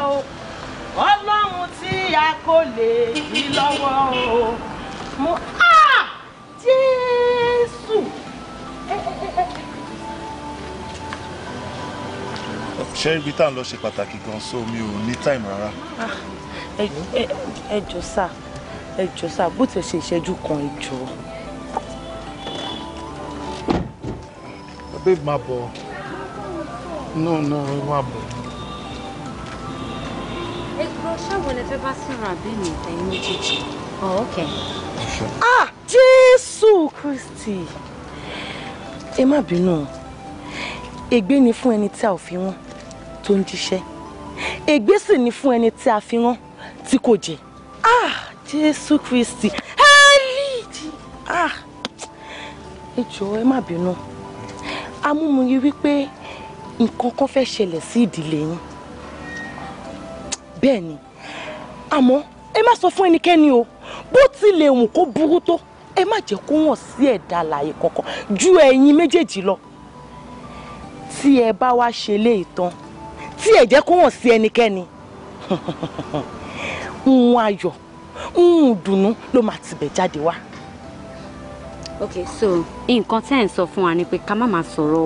o ọlọ́run tí a kò lè rí lọ́wọ́ o mo á ah! jésù. Eh, eh, eh, ṣé ibi tá à ń lọ ṣe pàtàkì gan so mi ò ní táìmù rárá. Ah, ẹ jọ̀ọ́ sà ẹ jọ̀ọ́ sà bó ti ṣe ìṣẹ́jú kan ẹ jọ̀ọ́. babe máa bọ̀ no no máa bọ̀. Oh, okay. ah Jesus kristi ẹ má bínú ègbé ni fún ẹni tí a ò fi rán tó ń jíṣẹ́ ègbé sì ni fún ẹni tí a fi rán tí kò jẹ ah Jesus kristi hẹ́ẹ́lìdì ah Ejo jọ̀ọ́ ẹ má bínú amúmuyí wípé nǹkan kan fẹ́ ṣẹlẹ̀ sí ìdílé yín bẹ́ẹ̀ ni àmọ́ ẹ má sọ fún ẹnikẹ́ni o bó tilẹ̀ wù kó burú tó ẹ má jẹ́ kó hàn sí ẹ̀dá alààyè kankan ju ẹ̀yin méjèèjì lọ tí ẹ bá wá ṣe lé ìtàn tí ẹ jẹ́ kó hàn sí ẹnikẹ́ni ń ayọ̀ ń dùnnú ló máa tibẹ̀ jáde wá. ok so nǹkan tẹ́ ẹ̀ ń sọ fún wa ni pé ká má máa sọ̀rọ̀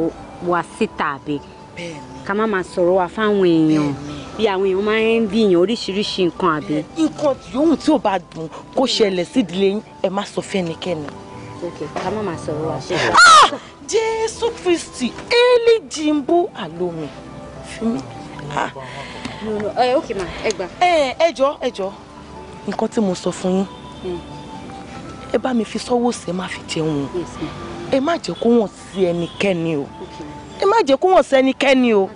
wa síta àbí ká má máa sọ̀rọ̀ wa fáwọn èèyàn. bẹ́ẹ̀ni bí àwọn èèyàn máa ń bí èèyàn oríṣiríṣi nǹkan àbí. nǹkan yòówù tí ò bá dùn kó ṣẹlẹ̀ sídìlé yín ẹ má sọ fẹ́nikẹ́ni. ok ká má máa sọ̀rọ̀ wá ṣe é. jésù kristi éèlì jimbo àlómi fún ah. eh, ok ma ẹ gbà. Eh, ẹ jọ ẹ jọ nǹkan tí mo sọ fún yín hmm. ẹ bá mi fi sọ́wọ́ sí ẹ má fi jẹun o ẹ má jẹ́ kó wọ́n sí ẹnikẹ́ni o ẹ má jẹ́ kó wọ́n sí ẹnikẹ́ni o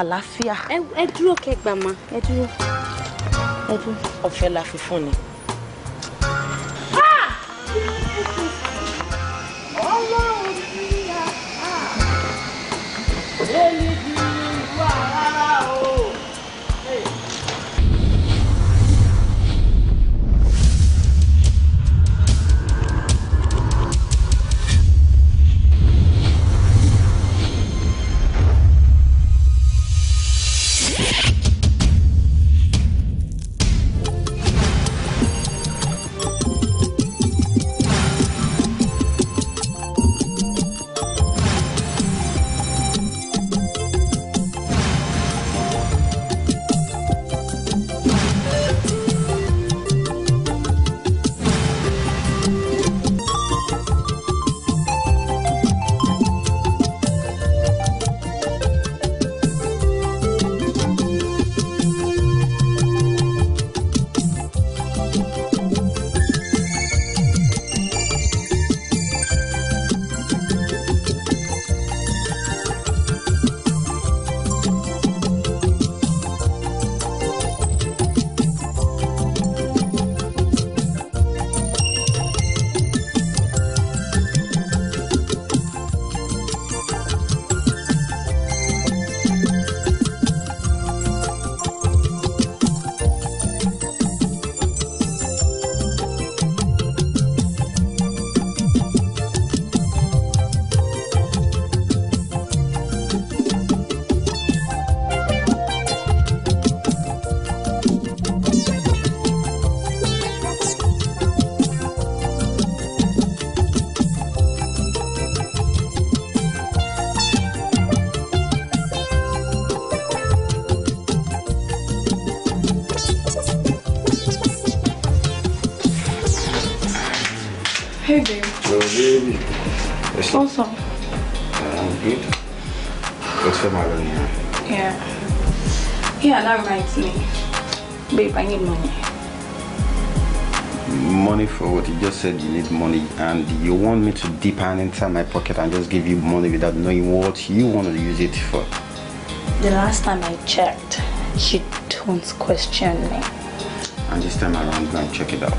àlàáfíà. ẹ dúró kẹgbà ma ẹ dúró ẹ dúró. ọ̀fẹ́ la fi fún ni. ọmọ òbí ya It's awesome. Oh, good. Good for Marlon, yeah. Yeah. Yeah, that reminds me. Babe, I need money. Money for what? You just said you need money and you want me to dip hand inside my pocket and just give you money without knowing what you want to use it for. The last time I checked, you don't question me. And this time around, go and check it out.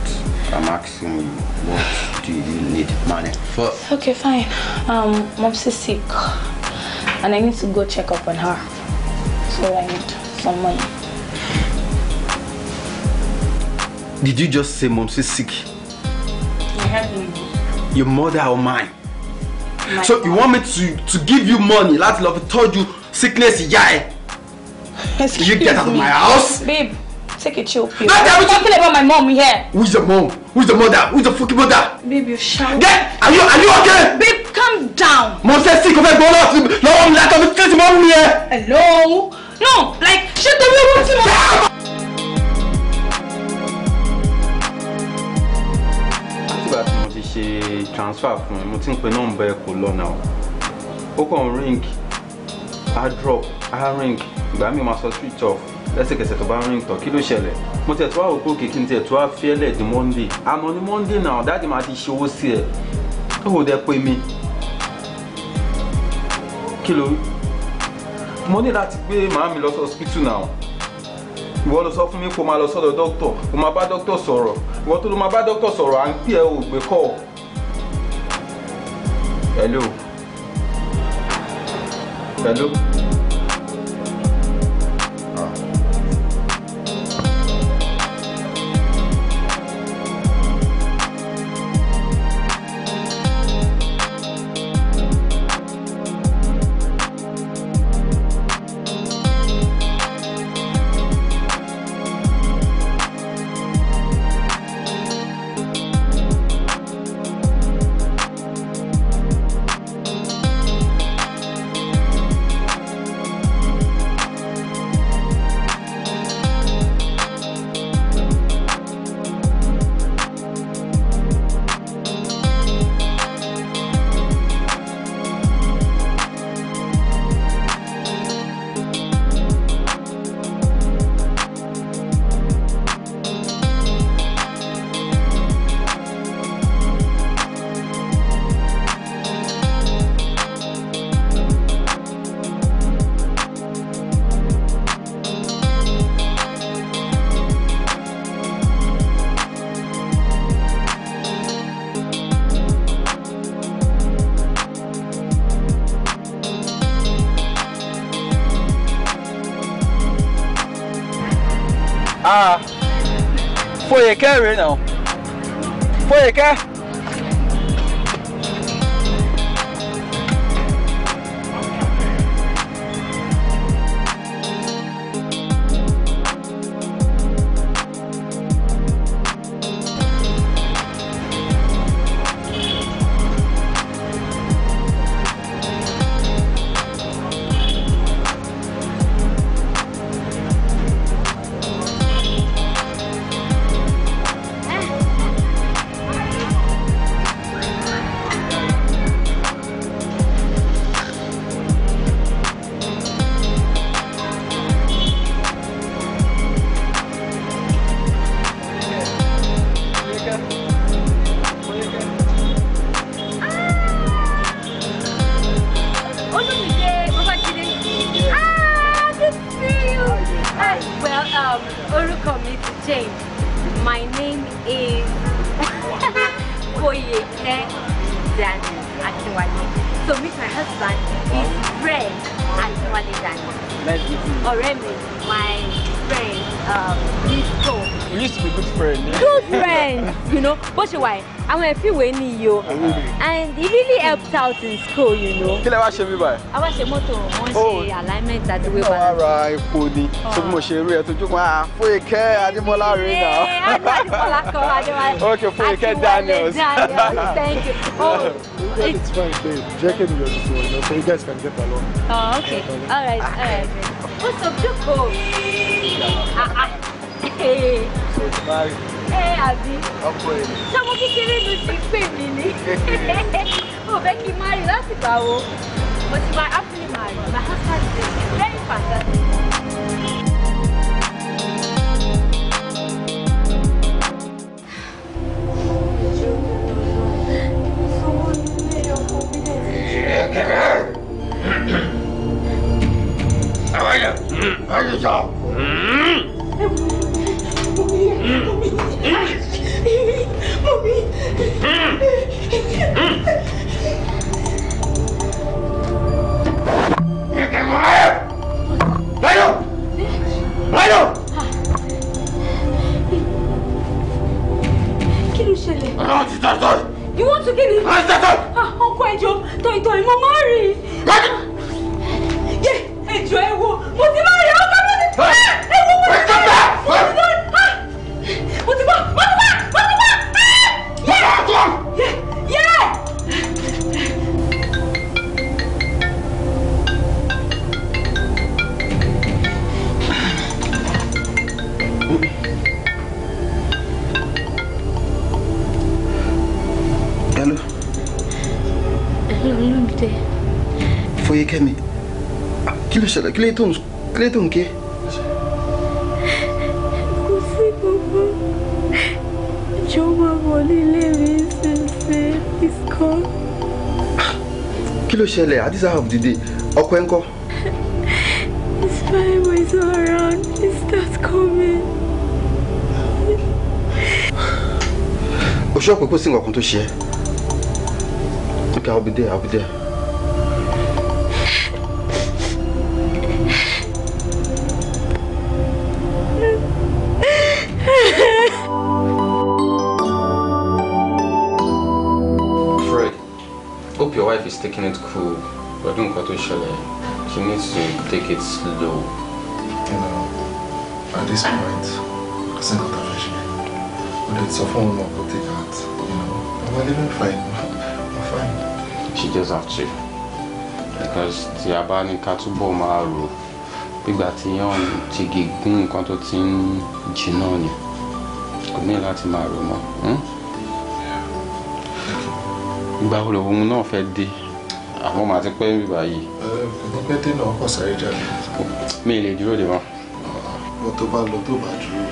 I'm asking you what do you need money for? Okay, fine. Um, mom's sick, and I need to go check up on her. So I need some money. Did you just say mom's sick? you. Your mother or mine? My so mom. you want me to to give you money? Last love told you sickness Yeah? Excuse you get out me. of my house. Babe. Take a chill pill. Mother, we're talking about my mom here. Who's the mom? Who's the mother? Who's the fucking mother? Babe, you shout. Get! Are you are you okay? Babe, calm down. Mom says sick of her going out. No, I'm like I'm still mom here. Hello? No, like shut the real room to mom. ṣe transfer fún mo ti ń pe nọ́mbà ẹ kò lọ náà ó kàn ring I drop I ring ìgbà mi máa sọ switch off lẹ́sẹ̀kẹsẹ̀ tó bá rìn tọ̀ kí ló ṣẹlẹ̀ mo tẹ̀ tó àwòkọ́ kìkì tẹ̀ tó àfiẹ́lẹ̀ di monday àmọ́ ní monday náà dáàdì máa ti ṣe owó sí ẹ̀ tó kò dẹ̀ pé mi kí ló rí mo ní láti gbé màá mi lọ sí hospital náà ìwọ ló sọ fún mi kó máa lọ sọ́dọ̀ dókítọ̀ kó máa bá dókítọ̀ sọ̀rọ̀ ìwọ tó ló máa bá dókítọ̀ sọ̀rọ̀ à ń pè ẹ́ ò gbé kọ́ hello hello. carry now. Put your car. ẹ fi wé ní iye and he really helped out in school you know. kí lẹ wá ṣe mí báyìí. a wá ṣe mọ́tò wọ́n ṣe oh. alignment àti wheel balance. ara epo ni so oh. bí mo ṣe rí ẹ tó jókòó ah Foyeke Adémọ́lá rẹ nà. Adémọ́lá kọ Adémọ́lá. ok Foyeke Daniels. Daniels thank you. Oh, it's fine babe jẹ́ kí ènìyàn ti sọ̀rọ̀ náà so you guys can get along. oh okay all right all right. what's up jókòó. ah ah. so it's nice àbí. ọkọ èmi. sọmọ kékeré ló ṣe pè mí ni. o fẹ́ kí n máa rí lásìkò àwo. mo ti máa happily marry my husband is very lè tó ń ké. kò sí kankan jọ máa wọlé ilé mi ṣẹ̀ṣẹ̀ ìskan. kí ló ṣẹlẹ̀ at this hour of the day his fire was all around he start coming. o ṣọ́ọ̀pù kò sí nǹkan kan tó okay I'll be there I'll be there. wife is taking it cool pẹ̀lú nǹkan tó ṣẹlẹ̀ she needs to take it slow. you know at this point I sí nǹkan tó fẹ́ ṣe o lè sọ fún òun ọkọ take heart you know i'm living fine i'm fine. she just have to because tí a bá ní ká túbọ̀ máa rò gbígbà tí yàn ti gígùn nǹkan tó ti ń jìnnà ni kò Hmm? ìgbà wo náà fẹ́ dé àmọ́ màá ti pẹ́ bíbá yìí. kò ní pẹ́ náà kọ̀ sáré jáde. mi ì lè dúró dè wọ́n. mo tó bá lọ tó bá dúró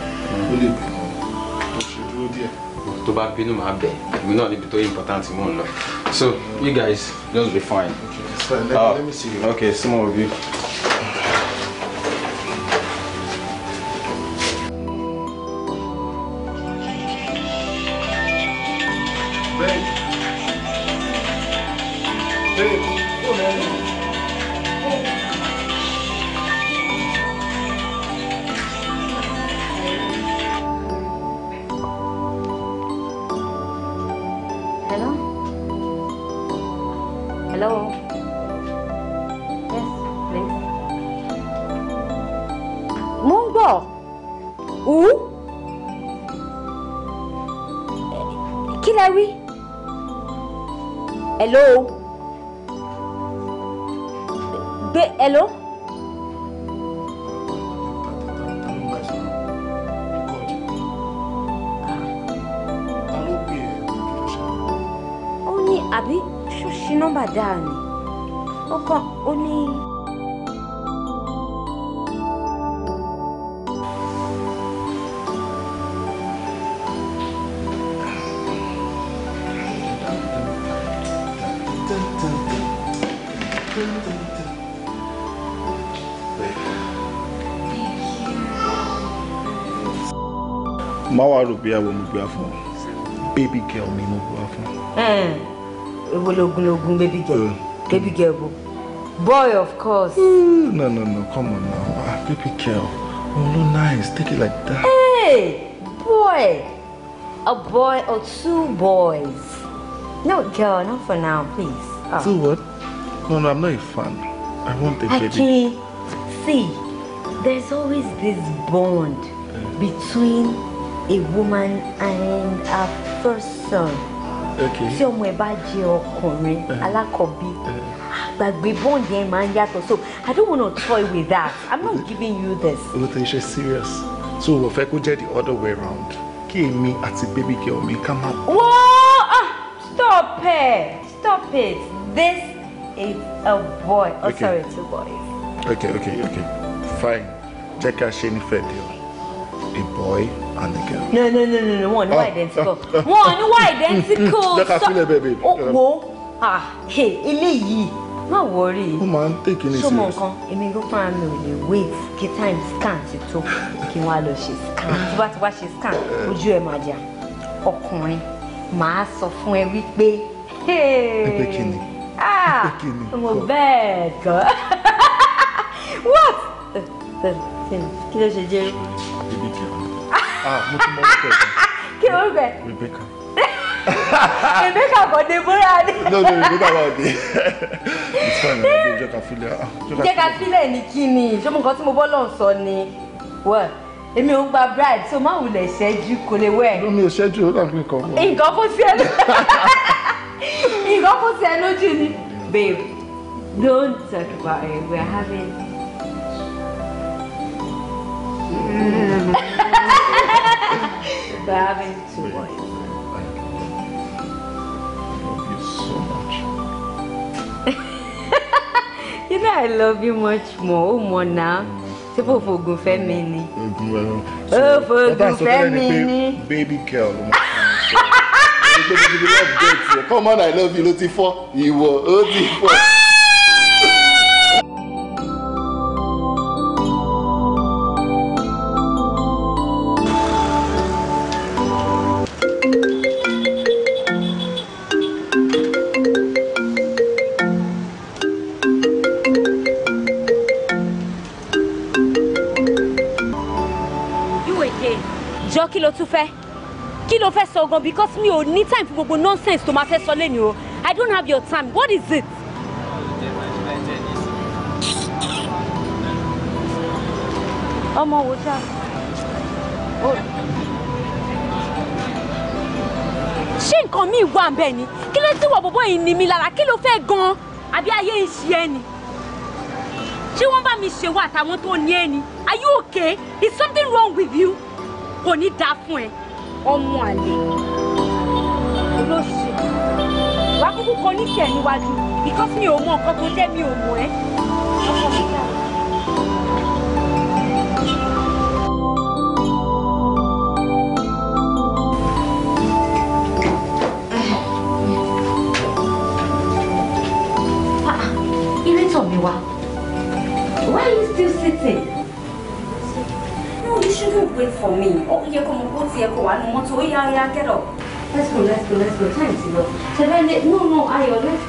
ó lè bínú mo ṣe dúró díẹ̀. tó bá bínú màá bẹ̀ èmi náà níbi tó important mò ń lọ so you guys just be fine. Okay, it's fine. Let, me see you. Okay, some of you. má wàá rò bí àwọn olùgbéyà fún baby girl ni mo gbéyà fún. Hmm. ogologunlogun baby girl eh. baby girl bo boy of course. Eh, no no no come on now ah, baby girl òun oh, ló nice take it like that. Hey, boy a boy or two boys no girl not for now please. Oh. two what no no i'm not a fan i want a baby. Akin see there's always this bond eh. between a woman and a first son. tí ọmọ ẹ bá jẹ ọkùnrin eh. alákọ̀bí eh. gbàgbé bond yẹn máa ń yàtọ̀ so i don't wanna toy with that i'm not giving you this. olùtẹ̀ iṣẹ́ serious so o fẹ́ kó jẹ́ the other way round kí èmi àti baby girl mi ká máa. wọ́ọ́ ah stop it stop it this is a boy oh okay. sorry two boys. okay okay okay fine jẹ́ ká ṣe nífẹ̀ẹ́ dé o a boy and the girl. no no no no no one. ò oh. identical One. ò identical. jẹ́ ká sílẹ̀ bẹ́ẹ̀ bẹ́ẹ̀. wo eléyìí má wọrí. ó máa ń tèké ní serious. sọmọ nǹkan èmi ló fara mi ò lè wait Get time scan ti tó kí wọn á lọ ṣe scan tí bá ti wá ṣe scan ojú ẹ máa jà ọkùnrin màá sọ fún ẹ wípé. ẹ pé kí ni ah, ẹ pé kí mo bẹ́ẹ̀ kọ́ what kí ló ṣe jẹ́. ibi Ah, mo ti mọ orúkọ ẹ̀ kí orúkọ ẹ̀. Rebecca. Rebecca kò dé bóyá ni. no no Rebecca wà dé it's fine my babe jẹ́ ká filẹ̀. Ah, jẹ́ ká filẹ̀ ní kí ni ṣé mo nǹkan tí mo bọ́ lọ́n sọ ni wọ́n èmi ò gba bride tó máa wulẹ̀ ṣẹ́jú kò lè wẹ̀. lómi ò ṣẹ́jú ó dàbí nǹkan kan. nǹkan kó sí nǹkan kó sí jù ni. babe don't talk about it we are having for having two Thank you. so much. you know I love you much more, more now. ṣé for fògùn fẹ́ mi ni. ó fògùn fẹ́ baby girl come on I love you ló ti fọ́ ìwọ ó ti fọ́. sọ gan because mi ò ní time fún gbogbo nonsense tó máa fẹ́ sọ lẹ́nu o I don't have your time what is it. ọmọ wo ṣá. ṣé nǹkan míì wà bẹ́ẹ̀ ni kí ló ti wọ bọ́bọ́ yìí ni mi lára kí ló fẹ́ gan-an àbí ayé ìṣe ẹni ṣé wọ́n bá mi ṣe wà táwọn tó ní ẹni are you okay is something wrong with you kò ní dáa fún ẹ ọmọ àlè olóṣù wàá kúkú kan níṣẹ́ níwájú because mi ò mọ nǹkan tó jẹ́ mi ò mọ̀ ẹ́ ọkọ mi náà. Ah, Miwa. Why are you still sitting? No, you shouldn't wait for me ti ẹ̀kọ́ wà nù go let's go let's go time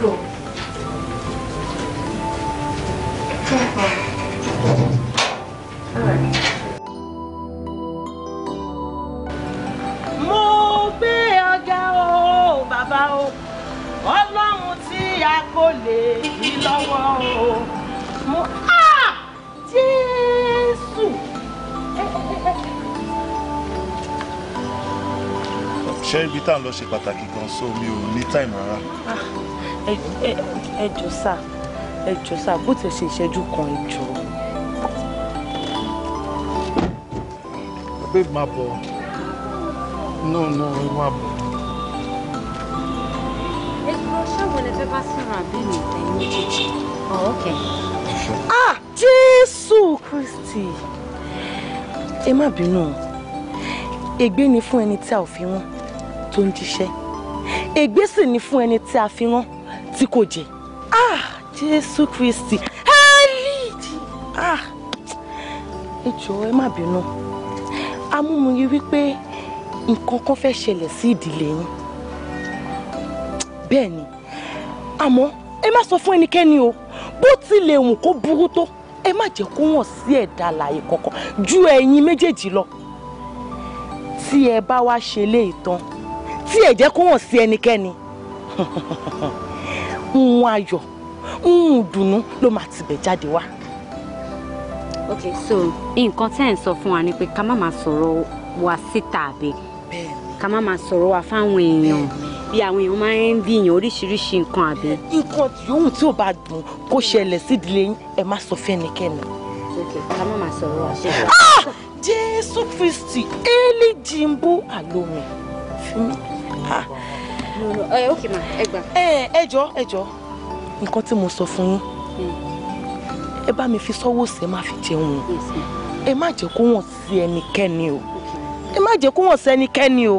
go. tá ń lọ ṣe pàtàkì gan so mi ò ní time rárá. Ah, ẹ jọ̀ọ́ sà ẹ bó ti ṣe ìṣẹ́jú kan ẹ babe máa bọ̀ no no ẹ máa bọ̀. Oh, ah jésù Christy! ẹ má bínú ègbé ni fún ẹni tí a ò fi wọ́n tó ń jíṣẹ́ ègbé sì ni fún ẹni tí a fi rán tí kò jẹ ah jésù kristi hẹ́ẹ́lìdì ah ẹ jọ̀ọ́ ẹ má bínú amúmuyí wípé nǹkan kan fẹ́ ṣẹlẹ̀ sí ìdílé yín bẹ́ẹ̀ ni àmọ́ ẹ má sọ fún ẹnikẹ́ni o bó tilẹ̀ wù kó burú tó ẹ má jẹ́ kó hàn sí ẹ̀dá alààyè kankan ju ẹ̀yin méjèèjì lọ tí ẹ bá wá ṣe léyìí tán tí ẹ jẹ́ kó hàn sí ẹnikẹ́ni ń ayọ̀ ń dùnnú ló máa tibẹ̀ jáde wá. ok so nǹkan tẹ́ ẹ̀ ń sọ fún wa ni pé ká má máa sọ̀rọ̀ wa síta àbí ká má máa sọ̀rọ̀ wa fáwọn èèyàn bí àwọn èèyàn máa ń bí èèyàn oríṣiríṣi nǹkan àbí. nǹkan yòówù tí ò bá dùn kó ṣẹlẹ̀ sídìlé yín ẹ má sọ fún ẹnikẹ́ni. ok ká má máa sọ̀rọ̀ wa ṣe. Ah! jésù kristi élí jimbo àlómi fún mi ẹ eh, ok ma ẹ gbà. Eh, ẹ ẹ jọ ẹ jọ. nǹkan tí mo sọ fún yín hmm. ẹ bá mi fi sọ́wọ́ sí ẹ má fi jẹun ẹ má jẹ́ kó wọ́n sí ẹnikẹ́ni o ẹ má jẹ́ kó wọ́n sí ẹnikẹ́ni o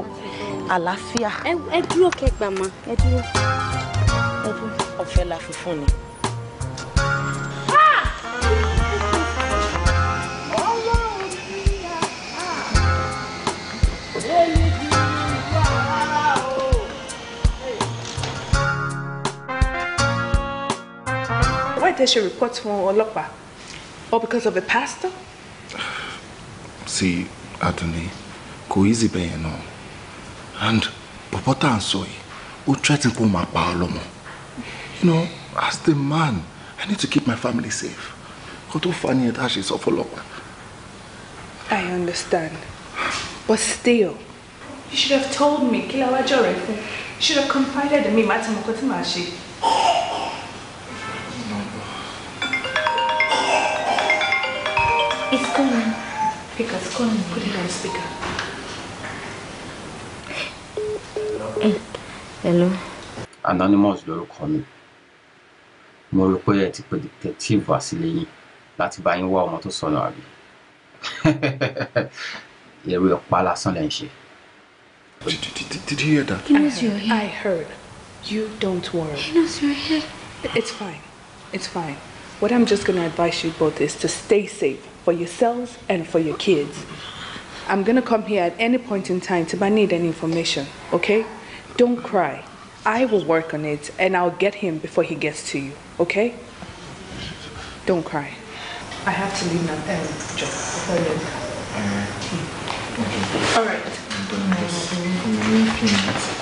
àlàáfíà. ẹ dúró kẹgbàá ma ẹ dúró. ọ̀fẹ́ la fi fún ni. tẹ́ ṣe report fún ọlọ́pàá or because of a pastor. see Adunni kò easy bẹ́ẹ̀ yẹn náà and bọ̀bọ̀ tá à ń sọ yìí ó threaten kó máa pa ọ lọ́mọ you know as the man I need to keep my family safe kó tó fa ni ẹ̀ tá a ṣe sọ fọlọ́pàá. I understand but still. You should have told me, Kilawa Jorefu. You should have confided in me, Matamokotimashi. It's gone. Pick up, it's gone. Put it on speaker. Hello. Hello. Anonymous lorúkọ mi. Mo rò pé ẹ ti pe detective wá yín láti bá yín wá ọmọ tó sọnù àbí. Eré ọ̀pá lásán lẹ́ ń ṣe. Did, you hear that? He knows you're here. I heard. You don't worry. He knows you're here. It's fine. It's fine. What I'm just going to advise you both is to stay safe. for yourselves and for your kids. I'm going to come here at any point in time to I need any information, okay? Don't cry. I will work on it and I'll get him before he gets to you, okay? Don't cry. I have to leave now. Um, job. All right.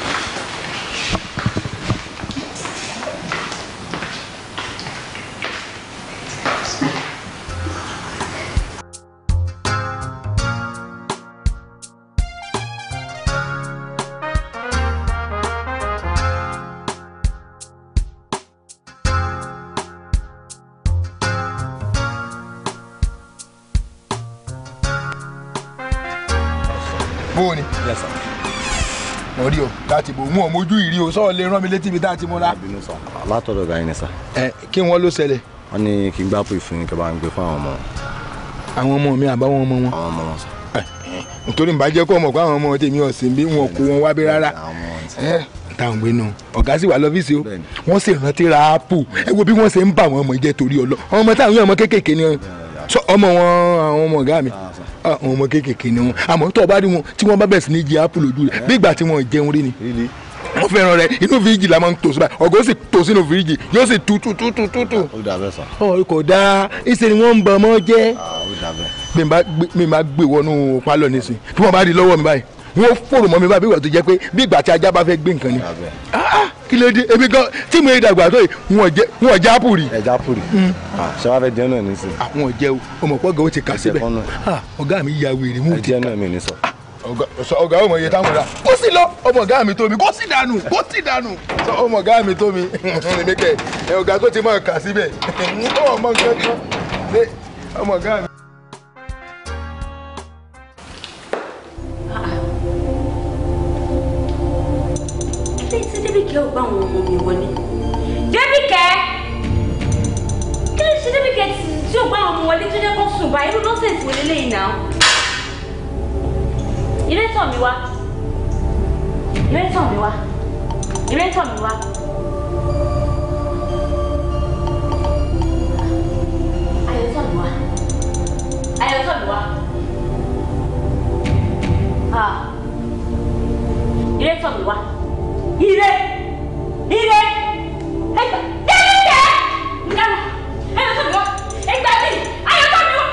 mójú ìrí o sọ̀rọ̀ lè rán mi létí ibi tá a ti múra. látọ̀dọ̀ ọ̀gá yín ni sà. ẹ kí wọ́n ló ṣẹlẹ̀. wọ́n ní kí n gbá pè fún yín kí n bá ń gbé fún àwọn ọmọ wọn. àwọn ọmọ mi àbáwọn ọmọ wọn. àwọn ọmọ wọn sà. nítorí n bá jẹ́ kó ọmọ pé àwọn ọmọ tèmi ọ̀sìn bí wọn kó wọn wá bí rárá táwọn gbé náà ọ̀gá sì wà lọ́fíìsì o wọ́n sì rántí ra ápù ẹ wo bí wọ́n ṣe ń bà wọ́n ọmọ jẹ́ torí ọlọ́ ọmọ táwọn ọmọ kéékèèké ni ọmọ wọn àwọn ọmọ ọ̀gá mi ah, ah, àwọn ọmọ kéékèèké ni wọn àmọ́ tó o bá rí wọn tí wọ́n bá bẹ̀rẹ̀ sí ní jẹ ápù lójú rẹ̀ eh? bí ìgbà tí wọ́n jẹun rí ni ó fẹ́ràn rẹ inú fíríjì la máa ń tò sí báyìí ọ̀gá sì tò sínú fíríjì yóò sì tutù tutù tutù. ó dà bẹ́ẹ̀ sà. ọ kò dáa ìṣe ni wọ́n ń bọ̀ ọmọ jẹ́. ó dà bẹ́ẹ̀. mi máa gbé wọnú pálọ̀ nísìnyí tí wọ́n bá rí lọ́wọ́ mi báyìí wọ́n fòrò mọ́ mi báyìí bí ìgbà tó jẹ́ pé bí ìgbà tí ajá bá fẹ́ gbé nǹkan ni. kí ló dé ebi gan tí mo yẹ dàgbà tó yìí wọn jẹ apple rí. ẹja hmm. ṣé wàá fẹ́ jẹun náà nísìnyí. àwọn jẹ o ọmọ pọ́gà ó ti kà síbẹ̀ ọ̀gá mi ya wèrè mú ti kà ọ̀gá ọmọ iye táwọn rà kó sì lọ ọmọ ọ̀gá mi tó mi kó sì dànù kó sì dànù ọmọ ọ̀gá mi tó mi èmi kẹ ẹ ọ̀gá tó ti máa kà síbẹ̀ ọmọ nǹkan kan ṣe ọmọ ọ̀gá mi. ṣé débìkẹ́ ò gbá àwọn ọmọ mi wọlé débìkẹ́ kí ló ṣe débìkẹ́ tí ò gbá àwọn ọmọ wọlé tó jẹ́ kó sùn báyìí irú nọ́ọ̀sẹ̀ ìwé lélẹ́yìn náà. Ìrẹ́ tàn mí wá. Ìrẹ́ tàn mí wá. Ìrẹ́ tàn mí wá. Ayọ̀ tàn mí wá. Ayọ̀ tàn mí wá. Ìrẹ́ tàn mí wá. Ìrẹ́. Ìrẹ́. Ẹgbẹ́. Ẹgbẹ́. Ìdáná. Ayọ̀ tàn mí wá. Ẹgbẹ́ mi. Ayọ̀ tàn mí wá.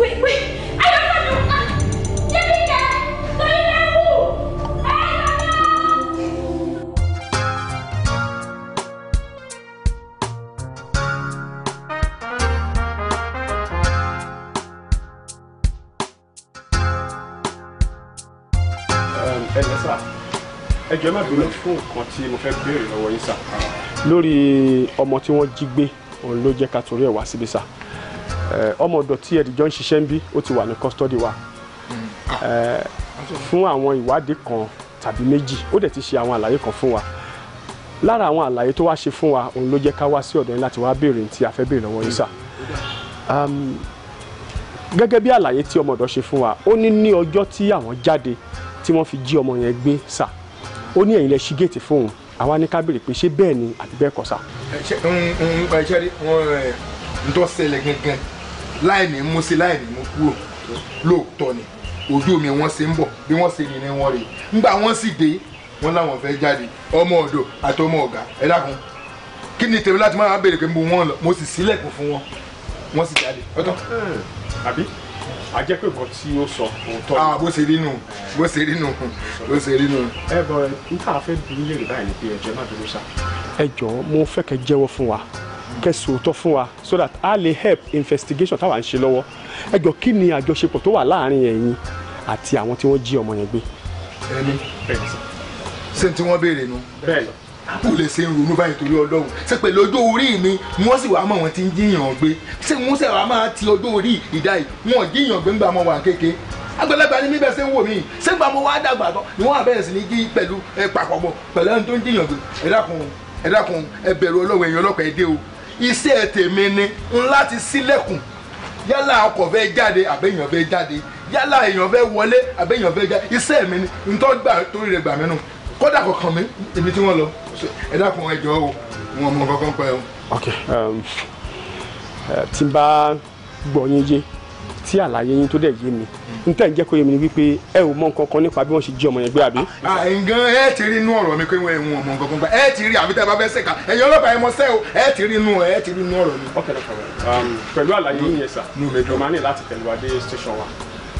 Wait, wait. ẹjọ́ má bínú fún nǹkan tí mo fẹ́ béèrè lọ́wọ́ yín sà. lórí ọmọ tí wọ́n jí gbé òun ló jẹ́ ká torí ẹ̀ wá síbi sà ọmọ ọ̀dọ̀ tí ẹ̀dìjọ́ ń ṣiṣẹ́ ń bí ó ti wà ní kọ́sítọ́dì wa fún àwọn ìwádìí kan tàbí méjì ó dẹ̀ ti ṣe àwọn àlàyé kan fún wa lára àwọn àlàyé tó wá ṣe fún wa òun ló jẹ́ ká wá sí ọ̀dọ̀ yín láti wá béèrè tí a fẹ́ béèrè lọ́wọ́ yín sà gẹ́gẹ́ bí àlàyé tí ọmọ ọ̀dọ̀ ṣe fún wa ó ní ní ọjọ́ tí àwọn jáde tí wọ́n fi jí ọmọ yẹn gbé sà ó ní ẹ̀yin lẹ ṣí géètì fóun àwa ní ká béèrè pé ṣé bẹ́ẹ̀ ni àti bẹ́ẹ̀ kọ́ sá. ṣe ń tọ́ ṣẹlẹ̀ gangan láì ní mú sí láì ní mú kúrò lóòótọ́ ni ojú omi wọn ṣe ń bọ̀ bí wọ́n ṣe ní ní wọn rè ńgbà wọ́n sì dé wọ́n láwọn fẹ́ jáde ọmọ ọ̀dọ̀ àti ọmọ ọ̀gá ẹ dákun kí ni tèmi láti máa béèrè pé mo sì sílẹ̀kùn fún wọn wọ́n sì jáde ọ̀tọ̀ àbí a jẹ́ pé nǹkan tí ó sọ òótọ́ ni. Ah, bó ṣe rí nù bó ṣe rí nù bó ṣe rí nù. ẹ bọ n tá a fẹ́ bí léèrè báyìí pé ẹjọ́ má dúró sá. ẹ jọ̀ọ́ mo fẹ́ kẹ́ jẹ́wọ́ fún wa kẹ́ sòótọ́ fún wa so that a lè help investigation táwa ń ṣe lọ́wọ́ ẹ jọ̀ọ́ kí ni àjọṣepọ̀ tó wà láàárín ẹ̀yin àti àwọn tí wọ́n jí ọmọ yẹn gbé. ẹni ṣé tí wọ́n béèrè nu. bẹ́ẹ̀ bó lè ṣe ń ronú báyìí torí ọlọ́run ṣe pẹ̀lú ọjọ́ orí mi wọ́n sì wá mọ̀ wọ́n ti ń jíyàn gbé ṣé wọ́n sì wá máa ti ọjọ́ orí ìdá yìí wọ́n jíyàn gbé ńgbà mọ́ wà kéke àgbàlagbà ni mi bẹ́ẹ̀ ṣe ń wò mí ṣé ńgbà mọ́ wá dàgbà tán ni wọ́n àbẹ̀rẹ̀ sí ní jí pẹ̀lú pàpọ̀pọ̀ pẹ̀lú ẹni tó ń jíyàn gbé ẹ dákun ẹ dákun ẹ bẹ̀rù ọlọ́run ẹ̀yin ọlọ́pàá ẹ dé o iṣẹ́ tèmi ni ńlá ti sílẹ̀kùn yálà ọkọ̀ fẹ́ jáde àbẹ̀yàn fẹ́ jáde yálà èèyàn fẹ́ wọlé àbẹ̀yàn fẹ́ jáde iṣẹ́ mi ni ntọ́ gbà torí rẹ̀ gbà mẹ́nu kódà kọ̀ọ̀kan mi ibi tí wọ́n lọ ẹ dákun ẹ jọ̀ọ́ o wọn mọ kankan pẹ́ o. ok um, eh, tí n bá gbọ́ yín yé tí àlàyé yín tó dẹ̀ yé mi n tẹ̀ ń jẹ́ kó yé mi ni wípé ẹ ò mọ nǹkan kan nípa bí wọ́n ṣe jí ọmọ yẹn gbé àbí. nǹkan ẹ ti rí inú ọ̀rọ̀ mi pé wọn ò mọ nǹkan kan gbà ẹ ti rí àbí tẹ́ ẹ bá fẹ́ ṣèkà ẹ̀yin ọlọ́pàá ẹ mọ sẹ́ o ẹ ti rí inú ẹ ti rí inú ọ̀rọ̀ mi. Um, pẹ̀lú àlàyé yín yẹn sà mo máa ní láti tẹ̀lé wa dé station wa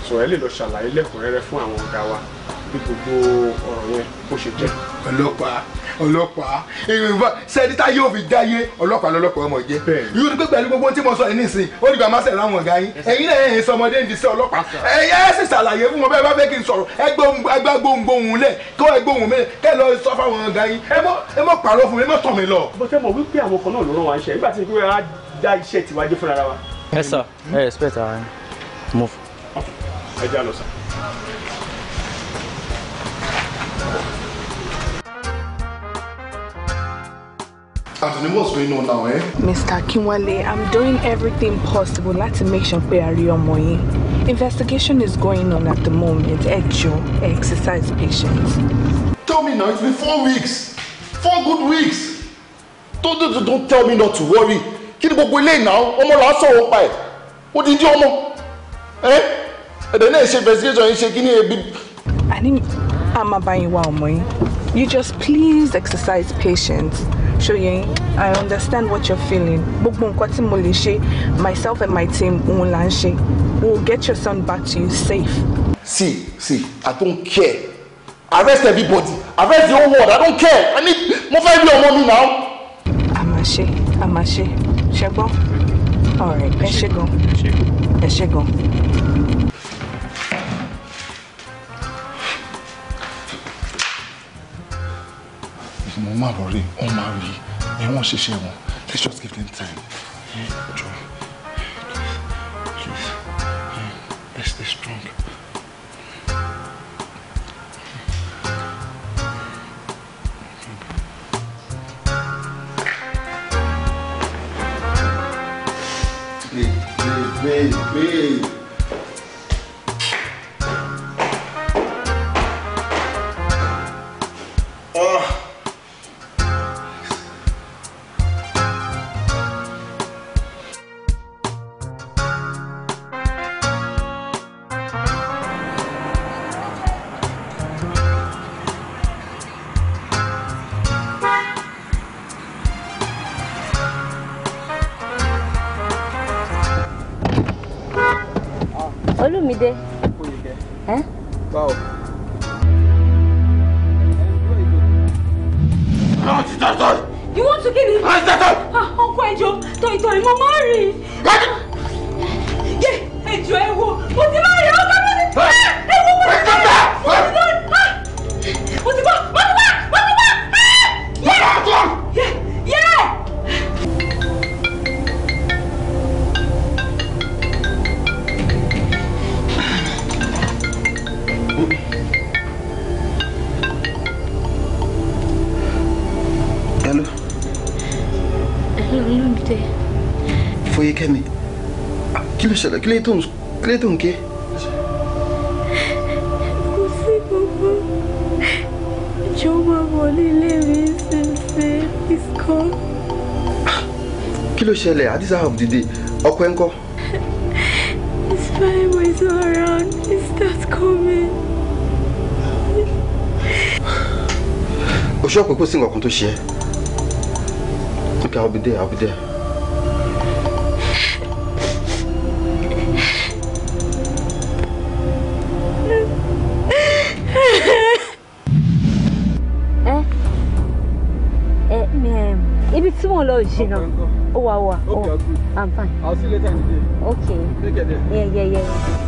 so ẹ lè lọ ṣàlàyé lẹ́kùnrẹ́rẹ́ fún àwọn ọ̀gá wa bí gbogbo ọ̀rọ̀ yẹn bó ṣe jẹ́. ọlọ́pàá ọlọ́pàá èèyàn ìfọ sẹ́dítà yóò fi dáyé ọlọ́pàá lọ́lọ́pàá ọmọ jẹ́. yóò ní pé pẹ̀lú gbogbo tí mo sọ yìí nísìnyí ó dìgbà máa ṣẹlẹ̀ àwọn ọ̀gá yín ẹ̀yin náà ẹ̀yin sọmọdé ń di sí ọlọ́pàá ẹ̀yẹ ẹ̀ sì ṣàlàyé fún wọn bẹ́ẹ̀ bá fẹ́ kí n sọ̀rọ̀ ẹgbẹ́ gbohùngbohùn lẹ̀ kó ẹgbóhùn mi kẹ́ lọ sọ fáwọn ọ̀gá yín ẹ mọ̀ pàrọ̀ fún mi ẹ mọ̀ tàn mí lọ. Hmm? move. Anthony, what's going on now, eh? Mr. Kinwale, I'm doing everything possible not to make sure pé a rí ọmọ Investigation is going on at the moment. Ẹ jọ̀ọ́, exercise patience. Tell me now, it's been four weeks. Four good weeks. Don't, don't, don't tell me not to worry. Kí ni gbogbo eléyìí náà? Ọmọ là á sọ̀rọ̀ eh? ẹ̀. Odindi ọmọ. Ẹ ẹ̀dẹ̀ investigation yìí ṣe kí ni ebi. Àní, a máa bá yín you just please exercise patience Shoyin. i understand what you're feeling gbogbo nǹkan tí mo lè myself and my team òun là ń will get your son back to you safe. see see i don't care arrest everybody arrest the whole world i don't care i need mo fẹ́ rí ọmọ mi now. àmàṣe àmàṣe ṣẹgbọn ọ̀rẹ́ ẹ ṣe gan ẹ ṣe gan. má wọrí wọn máa rí ẹ wọn ṣiṣẹ́ wọn let's just give them time. jọ please let's stay strong. babe, babe. day. ṣẹlẹ̀ at of the day ọkọ ẹ ń kọ́. It's fine, around. It's not coming. o ṣọ́ọ̀pù kò sí nǹkan tó ṣe é. Okay, I'll be there, I'll be there. oh, she oh, no. Oh, wow, wow. Okay, oh, I'm fine. I'll see you later in the day. Okay. Take care then. Yeah, yeah, yeah. yeah.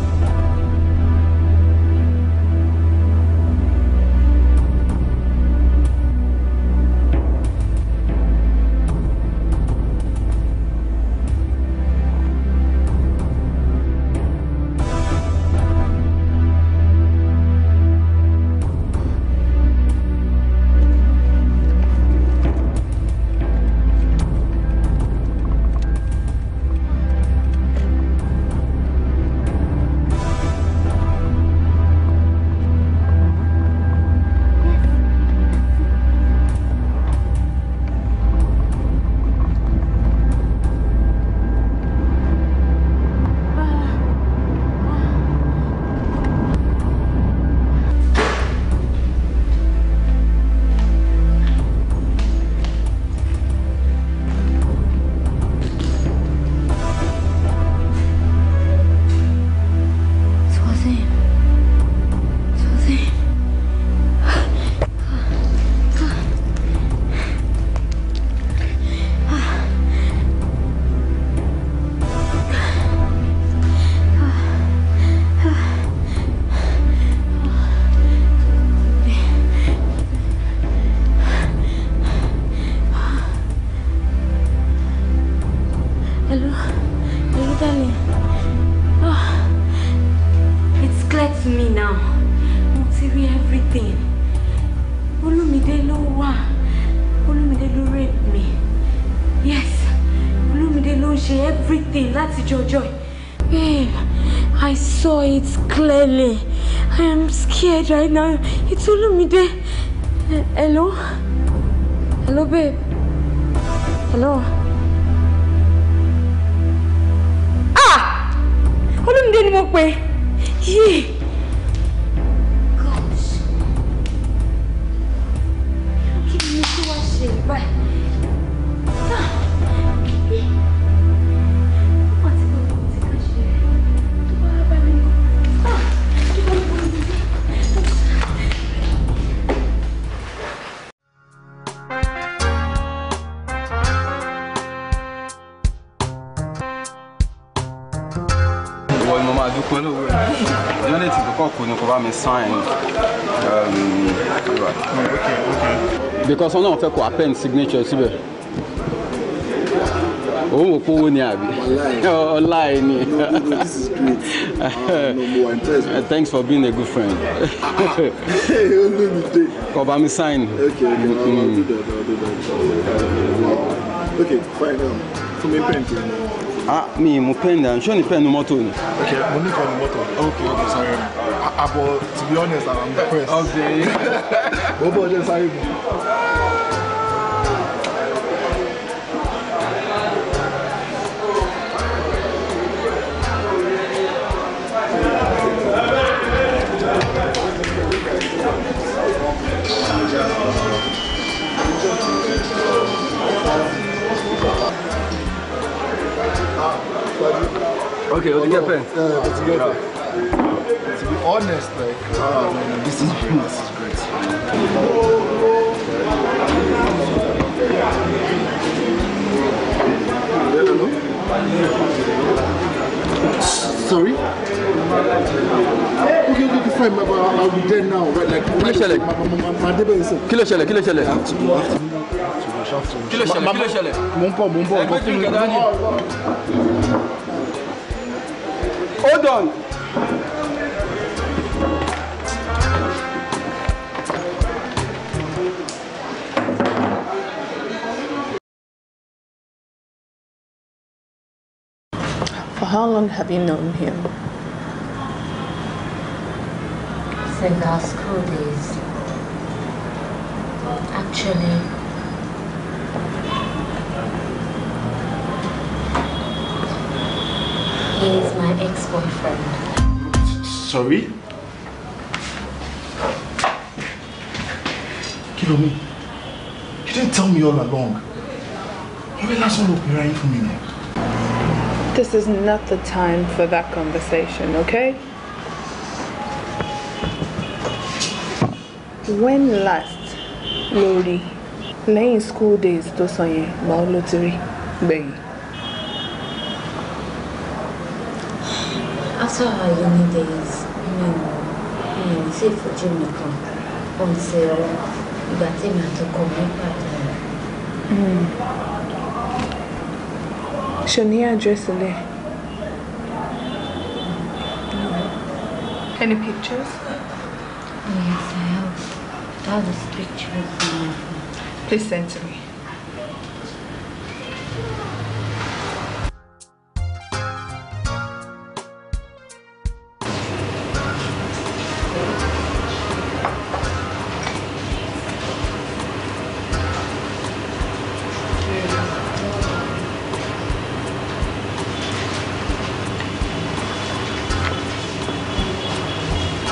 dé. Hello? Hello, babe. Hello? Ah! Olúmídé ni mo pè. Yéé. kunu kó bá mi sign. Um, okay, okay. because wọn náà fẹ́ kó append signature síbẹ̀ òun ò kówó ni àbí ọlá ẹ ni thanks for being a good friend kó bá mi sign. Okay, okay, mm. okay fine fún mi pẹ́ǹtì ah mi mo pẹ́ǹtì à ń ṣọ́ ni pẹ́ǹtì mọ́tò ni. ok mo ní kan mọ́tò ok ok sorry. Ah, but to be honest, I'm depressed. Okay. What about this? How Okay, okay, get pen. Yeah, yeah, get pen honest, like, oh, um, man, this is great. This is great. Sorry? Okay, okay, fine, but I'll be there now, right? Like, kí ló My table is Kí ló ṣẹlẹ̀, kí Hold on. how long have you known him? Since our school days. Actually, he is my ex-boyfriend. Sorry? me. you didn't tell me all along. You're the last one be for me now. This is not the time for that conversation, okay? When last lórí lẹ́yìn school days tó sàn yẹn lottery, baby? After our uni days, mi know, mi ò tí ì fojú mi kan ohun tí ọ ìgbà tí mi àtọkọ mi hmm auctioneer dress in there? Any pictures? yes, I have. I have pictures. Please send to me.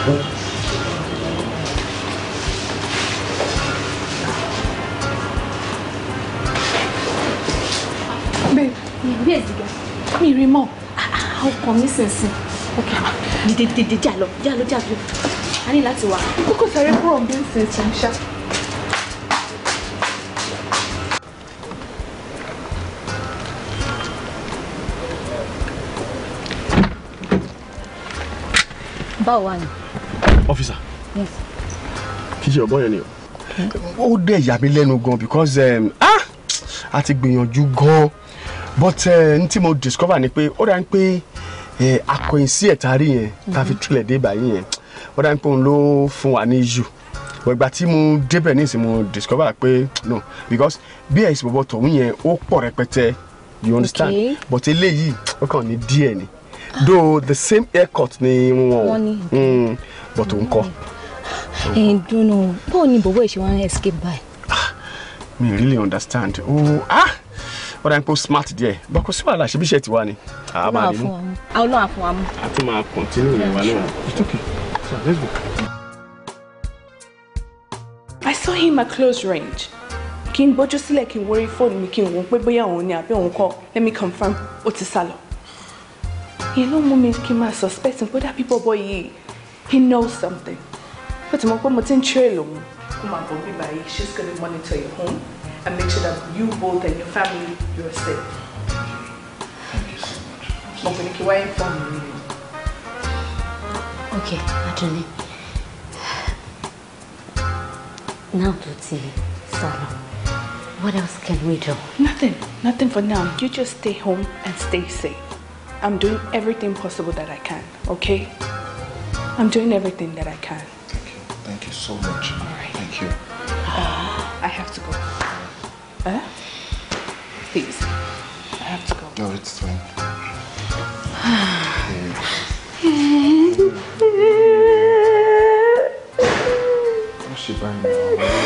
Babe, where's the girl? Mi rí mọ́. Ah, ọkọ mi sìnsìn. Ok, dìde jà lọ, jà lọ, jà lọ. A ní láti wà. Kókó sáré kúrò bí ń sìnsìn ṣá. báwo wà ní. Officer, kì í ṣe ọ̀bọ yẹn ni o. ó dẹ̀ yà mí lẹ́nu gan because um, ah, a ti gbìyànjú gan but uh, n tí mo discover ni pé ó dà ń pé eh, akọ̀yìn sí ẹ̀ta rí yẹn tá a fi mhm. túlẹ̀ dé báyìí yẹn ó dà ń pé òun ló fún wa ní issue but ìgbà tí mo débẹ̀ nísìnyí mo discover pé no because bí ẹ̀sìn bọ̀bọ̀ tọ̀hún yẹn ó pọ̀ rẹpẹtẹ you understand okay. but eléyìí ó kàn ní díẹ̀ ni though the same haircut ni wọn o hmm, but òun kọ. ẹ dunu báwo ni bọ̀bọ̀ ìṣe wọn escape by. Ah, mi really understand ooo oh, ah wọ́n dá ń pọ́ smart díẹ̀ bọ́kọ sí wàhálà ṣe bí ṣe ti wá ni. a máa fún wa mú a náà fún wa mú. a tún máa continue ìwà náà it's okay so let's go. I saw him at close range. Kí n gbójú sílẹ̀ kí n wọrí fóònù mi kí n wò pé bóyá òun ni àbí òun kọ́ let me confirm ó ti sá lọ yẹn ló mú mi kí n máa suspect pé dàbí he knows something But ti mọ̀ pé mo ti ń trail òun. kó máa bọ̀ bí báyìí she's gonna monitor your home and make sure that you both and your family you are safe. mo kò ní kí wáyé fún mi. okay Adunni now to ti sá What else can we do? Nothing. Nothing for now. You just stay home and stay safe. I'm doing everything possible that I can, okay? I'm doing everything that I can. Thank you. Thank you so much. All right. Thank you. Uh, I have to go. Huh? Please. I have to go. No, it's fine. What's she buying now?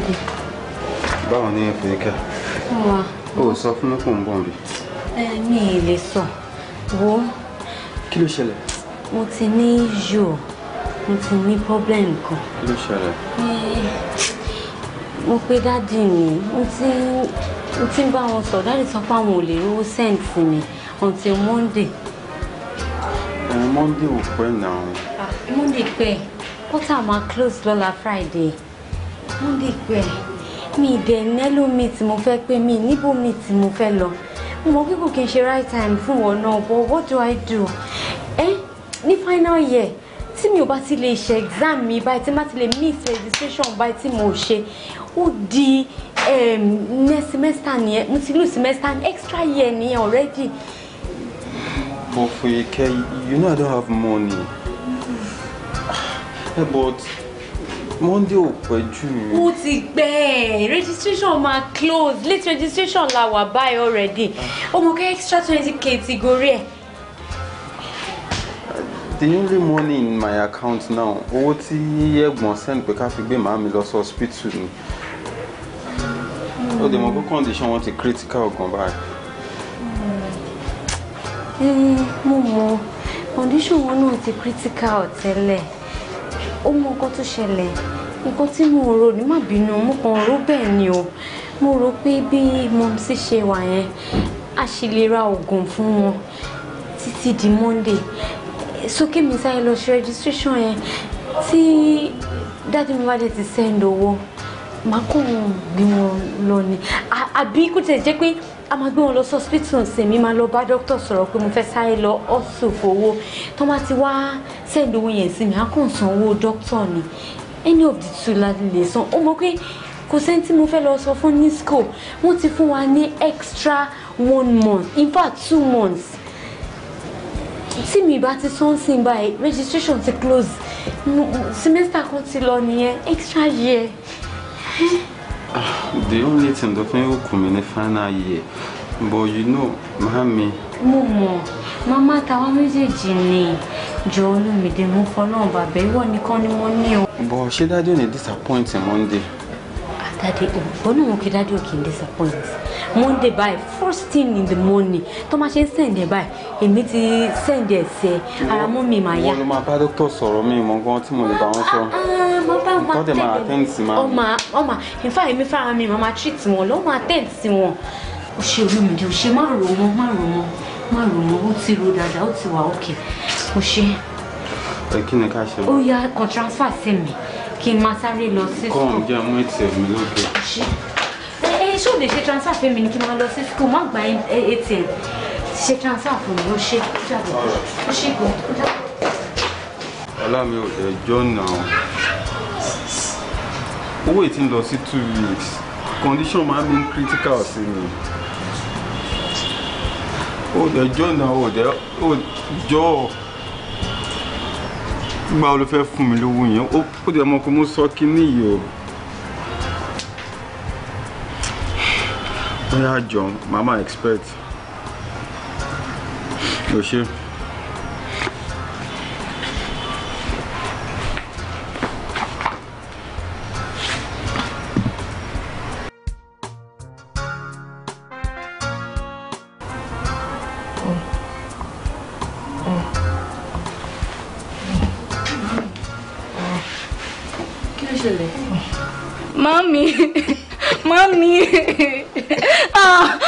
káyọ̀dé. báwo ni fèékà. o sọ fún mi kò ń bọ̀ nbí. ẹ mi ì lè sọ wo. kí ló ṣẹlẹ̀. mo ti ní yò mo ti ní problem kan. kí ló ṣẹlẹ̀. mo pe dádì mi mo ti mo ti ń bá wọn sọ dádì sọ pé àwọn ò lè rówó send fún mi until monday. ẹ monday ò pẹ́ náà. Ah, monday pẹ́ kọ́tà máa close lọ́la friday wọ́n lè pẹ́ mi ìdẹ̀ nẹ́lò mi tí mo fẹ́ pé mi níbo mi tí mo fẹ́ lọ mo mọ kíkò kí n ṣe right time fún wọn náà but what do I do ẹ ní final year tí mi ò bá ti lè ṣe exam mi báyìí tí má ti lè miss registration báyìí tí mo ṣe ó di ehm, next semester nìyẹn mo ti lù semester extra year nìyẹn already. but Foyeke you know I don't have money. Yeah, but monday ò pẹ́ jù. mo ti gbẹ registration máa close late registration la wà báyìí already ah. ọmọ kẹ́ extra twenty k ti gorí ẹ̀. the only money in my account now owó tí ẹ̀gbọ́n send pé ká fi gbé màámi lọ sí hospital ni hmm. ó dẹ̀ mọ̀ pé condition wọn ti critical gan báyìí. Hmm. Hmm, mo mọ condition wọn náà ti critical tẹ́lẹ̀ ó mọ nǹkan tó ṣẹlẹ̀ nǹkan tí mo rò ní má bínú mo kàn rò bẹ́ẹ̀ ni o mo rò pé bí mọ̀mísí ṣe wà yẹn a ṣì lè ra oògùn fún wọn títí di monday sókè mi sáré lọ ṣe registration yẹn tí dájú mi bá dẹ̀ ti send owó màá kó wọn gbé wọn lọ ni àbí kó tẹ̀ jẹ́ pé a máa gbé wọn lọ sí hospital nsèmí máa lọ bá doctor sọ̀rọ̀ pé mo fẹ́ sáré lọ ọ̀sùn fowó tó máa ti wá sẹ́ǹdì owó yẹn sí mi á kàn san owó doctor ni any of the two la lè san ó mọ pé kò sẹ́ni tí mo fẹ́ lọ sọ fún nisco wọ́n ti fún wa ní extra one month in fact two months tí mi bá ti san sí báyìí registration ti close semester kan ti lọ nìyẹn extra year the only thing tó fi ń come in ní final year but you know mami. mo mọ màmá táwa méjèèjì ni jọ olómìnira mú fọlọ́run bàbá ìwọ nìkan ni mo ní o. but ṣé dájú ò ní disappoint monday. àtàdé ògbónà òun kí dájú ò kì í disappoint monday báyìí first thing in the morning tó máa ṣe ń send ẹ̀ báyìí èmi ti send ẹ̀ sẹ́ ara mú mi máa yá. wọn ló máa bá dókítà sọ̀rọ̀ mi mọ gan tí mo lè bá wọn sọ nǹkan ah, ah, tẹ̀ máa attend sí máa. ọmọ ọmọ in fact èmi fara mi màá máa treat wọn lọ́wọ́ máa attend sí wọn. ó ṣe orí mi dé ó ṣe má rò wọn má rò wọn má rò wọn ó ti ro dáadáa ó ti wà òkè ó ṣe. ẹ kí ni ká ṣe wá. ó yá kan transfer sí mi kí n máa sáré lọ sí. kọ́ ọ̀ jẹ́ mú ètò ẹ̀mí lókè. ṣé ṣé o lè ṣe transfer fún mi ni kí n máa lọ sí school má gba atm ṣe transfer fún mi ó ṣe jáde ó ṣe kò jáde. ọlá mi ò lè jọ náà owó ètí ń lọ sí two weeks condition máa ń mean critical sí mi ó lè jọ náà ó jọ gbà ó fẹ́ fún mi lówó yẹn ó lè mọ kó mú sọ kí ní o. ó yà jọ màmá expect ò ṣe. Mami, mami. Oh!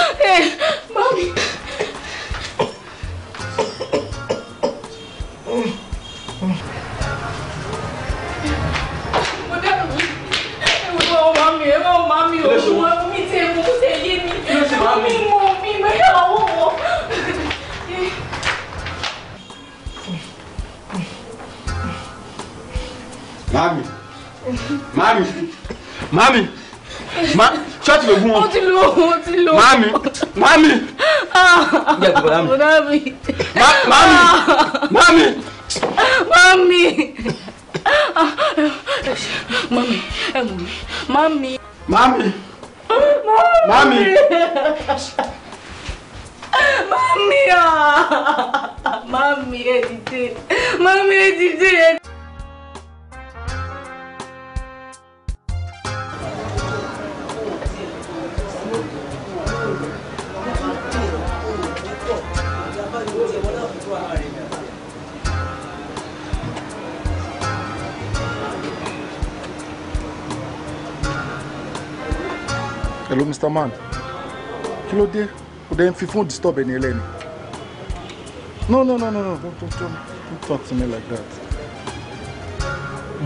mami mami mami mami mami mami mami ah. mami mami mami mami. man kí ló dé kò dé ń fi fún disturb ẹni ẹlẹ́ni no no no no no don't don't don't, don't talk to me like that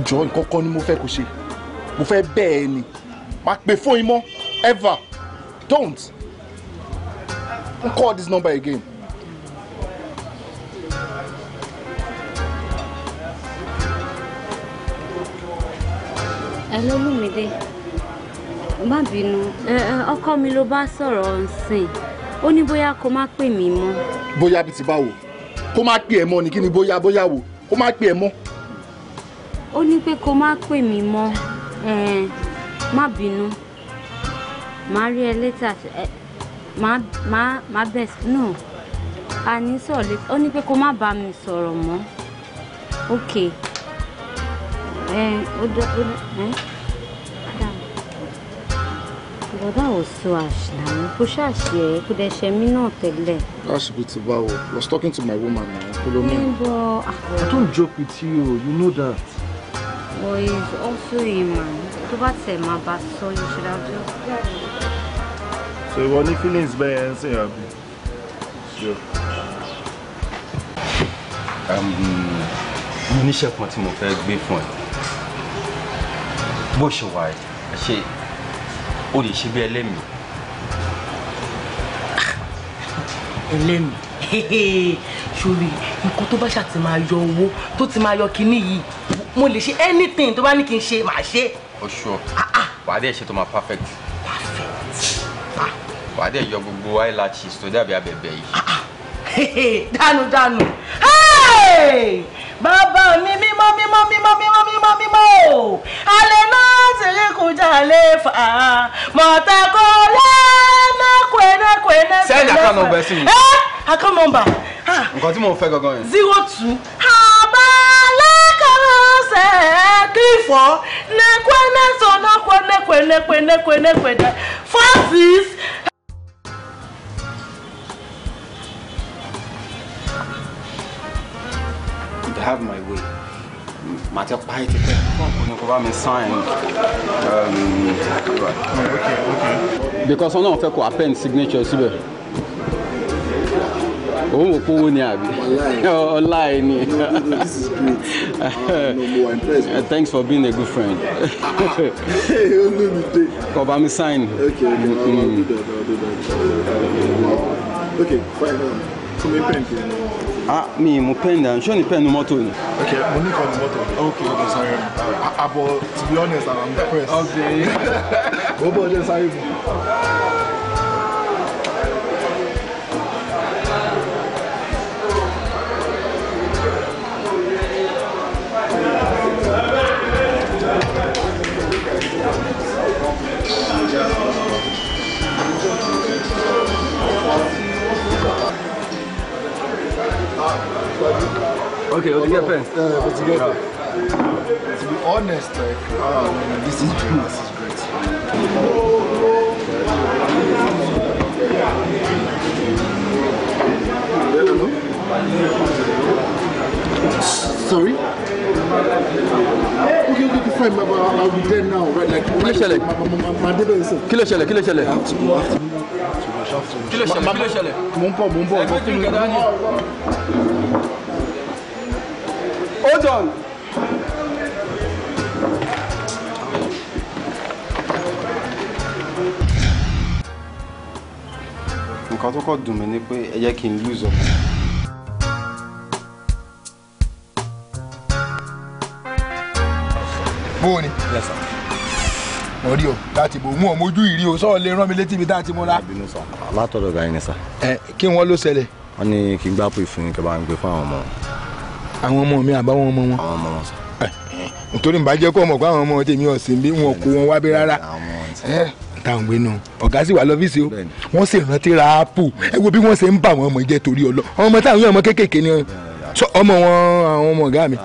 jọ ìkọ́kọ́ ni mo fẹ́ kó ṣe mo fẹ́ bẹ́ẹ̀ ni má pè fún imọ́ ever don't call this number again. Hello, Mumide má bínú ọkọ mi ló bá sọ̀rọ̀ nsìn ó ní bóyá kó má pè mí mọ́. bóyá bí ti bá wò kó má pè ẹ mọ́ ni kí ni bóyá bóyá wò kó má pè ẹ mọ́. ó ní pé kó má pè mí mọ́ má bínú má rí ẹ létà má má má bẹ̀ nù a ní sọ̀rọ̀ létà ó ní pé kó má bá mi sọ̀rọ̀ mọ́ ok. Eh, ó dá, ó bọ́dá ò sọ àṣà mi kó ṣàṣẹ kó dẹ̀ ṣe mí náà tẹ́lẹ̀. láṣì bíi ti báwo I was talking to my woman na kolomi. níbo àwọn. I don't joke with you you know that. but he is also a man tó bá tẹ̀ máa bá sọ you should have just. so ìwọ ní feelings bẹ́ẹ̀ ẹ̀ ń sìn àbí. Um, mo níṣẹ́ kan tí mo fẹ́ gbé fún ẹ bó ṣe wà ẹ ṣe o lè ṣe bí ẹlẹ́mìí. ẹlẹ́mìí sórí nǹkan tó bá ṣàti máa yọ owó tó ti máa yọ kinní yìí mo lè ṣe anything tó bá ní kí n ṣe màá ṣe. oṣù oh, ah, ah. wàá dẹ̀ ṣe tó máa perfect. perfect. Ah. wàá dẹ̀ yọ gbogbo eyelashes tó dàbí abẹ̀bẹ̀ yìí. dànù dànù. Hey! bàbá mi mímọ́ mímọ́ mímọ́ mímọ́ mímọ́ mímọ́ o alẹ́ náà ti rí kùjà lè fà á mọ̀tà kò lẹ́ẹ̀mẹ́ kwẹ́nẹ́ kwẹ́nẹ́. sẹ́yìn àkàn nọmba ẹ sí I ẹ àkàn nọmba. nǹkan tí mo fẹ́ gangan yẹn. zero two. àbálẹ́ se kifo ne kwene so no kwene kwene kwene kwene kwene four six parí ti pẹ́. fọ́ọ̀mù ni kò bá mi sign. because wọn náà fẹ́ kó append signature síbẹ̀ Oh, ò kówó ni online uh, thanks for being a good friend kò bá mi sign. okay okay mm. I'll do that I'll fine. fún mi pẹ̀ntì ah mi mo pen dan ṣé o ní pen ní mọ́tò ni. ok mo ní kan ní mọ́tò mi. ok ok sorry. abo to be honest i'm impressed. ok. mo bọ́ ọjọ́ sáré mu. Okay, what do you get pen? Yeah, what do you get? To be honest, like, um, this is great. This is great. Sorry? Okay, okay, okay, fine, but I'll be there now, right? Like, kí ló ṣẹlẹ̀? My baby is sick. Kí ló ṣẹlẹ̀, kí I have to go, I have to go. Kí ló ṣẹlẹ̀, kí ló ṣẹlẹ̀. Mo Hold on. nǹkan tó kọ̀ dùn mí ni pé ẹ jẹ́ kí n lose ọkọ. bó ni mo rí o láti bò mú ọ mojú ìrí o sọ̀rọ̀ lè rán mi létí ibi tá a ti mú la. látọ̀dọ̀ ọ̀gá yín ni sá. ẹ kí wọ́n ló ṣẹlẹ̀. wọ́n ní kí n gbá pè yín kí n bá ń gbé fún àwọn ọmọ àwọn ọmọ mi àbáwọn ọmọ wọn. àwọn ọmọ wọn sọ. nítorí n bá jẹ́ kó ọmọ kó àwọn ọmọ tèmi ọ̀sìn bí wọn kó wọn wá bí rárá táwọn gbé náà ọ̀gá sì wà lọ́fíìsì o wọ́n sì rántí raapu ẹ wo bí wọ́n ṣe ń bà wọ́n ọmọ jẹ́ torí ọlọ́ àwọn ọmọ táwọn yóò ọmọ kéékèèké ni ọmọ wọn àwọn ọmọ ọ̀gá mi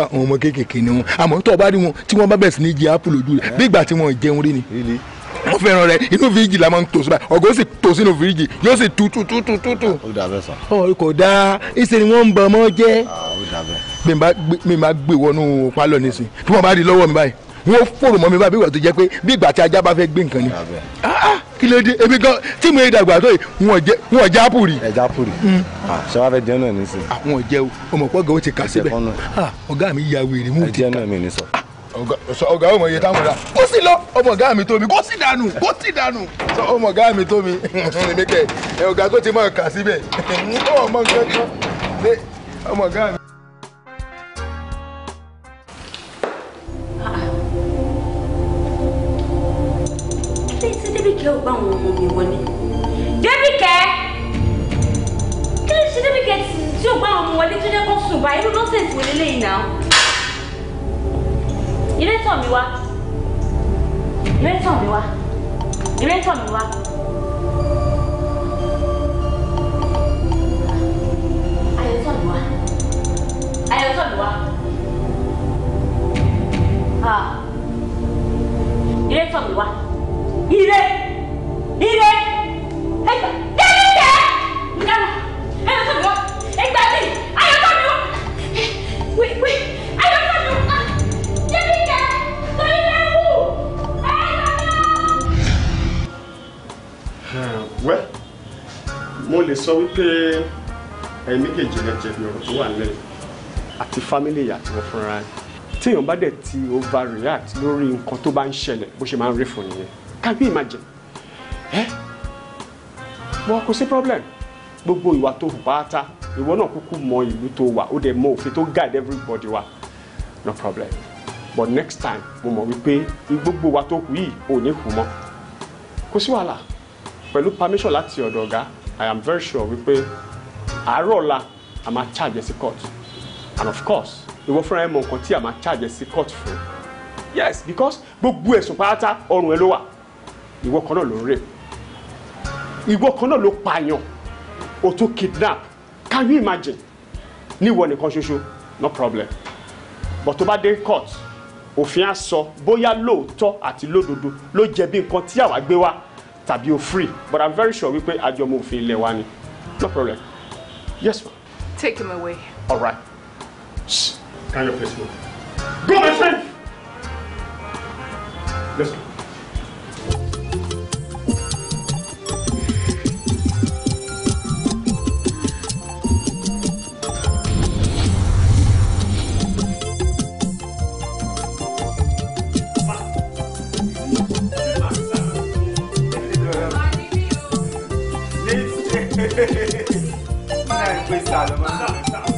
àwọn ọmọ kéékèèké ni wọn àmọ́ tó o bá rí wọn tí wọ́n bá bẹ̀ sí ní jẹ ápù lójú rẹ̀ bí ìgbà tí wọ́n jẹun rí ni mo fẹ́ràn rẹ inú fíríjì la máa ń tò sí báyìí ọ̀gọ́ sì tò sínú fíríjì yóò sì tutù tutù tutù. ó dà bẹ́ẹ̀ sàn. ọ kò dáa ìṣe ni wọ́n ń bọ̀ ọmọ jẹ́. ó dà bẹ́ẹ̀. mi máa gbé wọnú pálọ̀ nísìn tí wọ́n bá di lọ́wọ́ mi báyìí wọ́n fòrò mọ́ mi báyìí bí ìgbà tó jẹ́ pé bí ìgbà tí ajá bá fẹ́ gbé nǹkan ni. kí ló dé ebi gan tí mo yẹ dàgbà tó yìí wọn jẹ apuri. ẹ jẹ apuri hmm. ṣé wàá fẹ́ jẹun náà nísìn. àwọn jẹ o ọmọ pọ́gà ó ti kà síbẹ̀ ọ̀gá mi ya wèrè mú ti kà. ẹ jẹun náà mi ní sọ ọ̀gá ọmọ iye táwọn ra kó sì lọ ọmọ ọ̀gá mi tó mi kó sì dànù kó sì dànù ọmọ ọ̀gá mi tó mi èmi kẹ ẹ ọ̀gá tó ti máa kà síbẹ̀ ọmọ nǹkan kan ṣe ọmọ ọ̀gá mi. Débìkẹ́ ò bá àwọn ọmọ mi wọlé. Débìkẹ́! Kí ló ṣe Débìkẹ́ tí ò bá àwọn ọmọ wọlé tó jẹ́ kó sùn báyìí? Irú nọ́ọ̀sẹ̀ tí wọlé lẹ́yìn náà. Ire tàn mí wá. Ire tàn mí wá. Ire tàn mí wá. Ayọ̀ tàn mí wá. Ayọ̀ tàn mí wá. Ire tàn mí wá. Ire. Ire. sọ wípé ẹ̀yin méjèèjì rẹ̀ jẹ̀bi ọ̀rọ̀ tó wà nílẹ̀ àti fámílì ìyá tí wọ́n fúnra ẹ̀ téèyàn bá dẹ̀ ti overreact lórí nǹkan tó bá ń ṣẹlẹ̀ bó ṣe máa ń rí fún nìyẹn can you imagine ẹ́ wọ́n kò sí problem gbogbo ìwà tó hù pátá ìwọ náà kúkú mọ ìlú tó wà ó dẹ̀ mọ òfin tó guide everybody wa no problem but next time mo mọ̀ wípé gbogbo wa tó kù yìí ò ní kú mọ́ kò sí wàhálà pẹ̀lú permission láti ọ̀dọ̀ ọ̀gá i am very sure wípé àárọ̀ ọ̀la a máa charge sí court and of course ìwọ fúnra ẹ mọ nǹkan tí a máa charge sí court fún yes because gbogbo ẹ̀sùn pátá ọrùn ẹ ló wà ìwọ kan náà ló ń rè ìwọ kan náà ló pààyàn o tún kidnap can you imagine ní ìwọ nìkan ṣoṣo no problem but tó bá dé court òfin á sọ bóyá lóòótọ́ àti lódodo ló jẹ̀bi nǹkan tí àwa gbé wá tàbí o free but i'm very sure wípé àjọmọ òfin ilé wa ni no problem yes ma. take him away. all right. Shh. Can you please move? Go, my friend! Listen. Una vez questa domanda.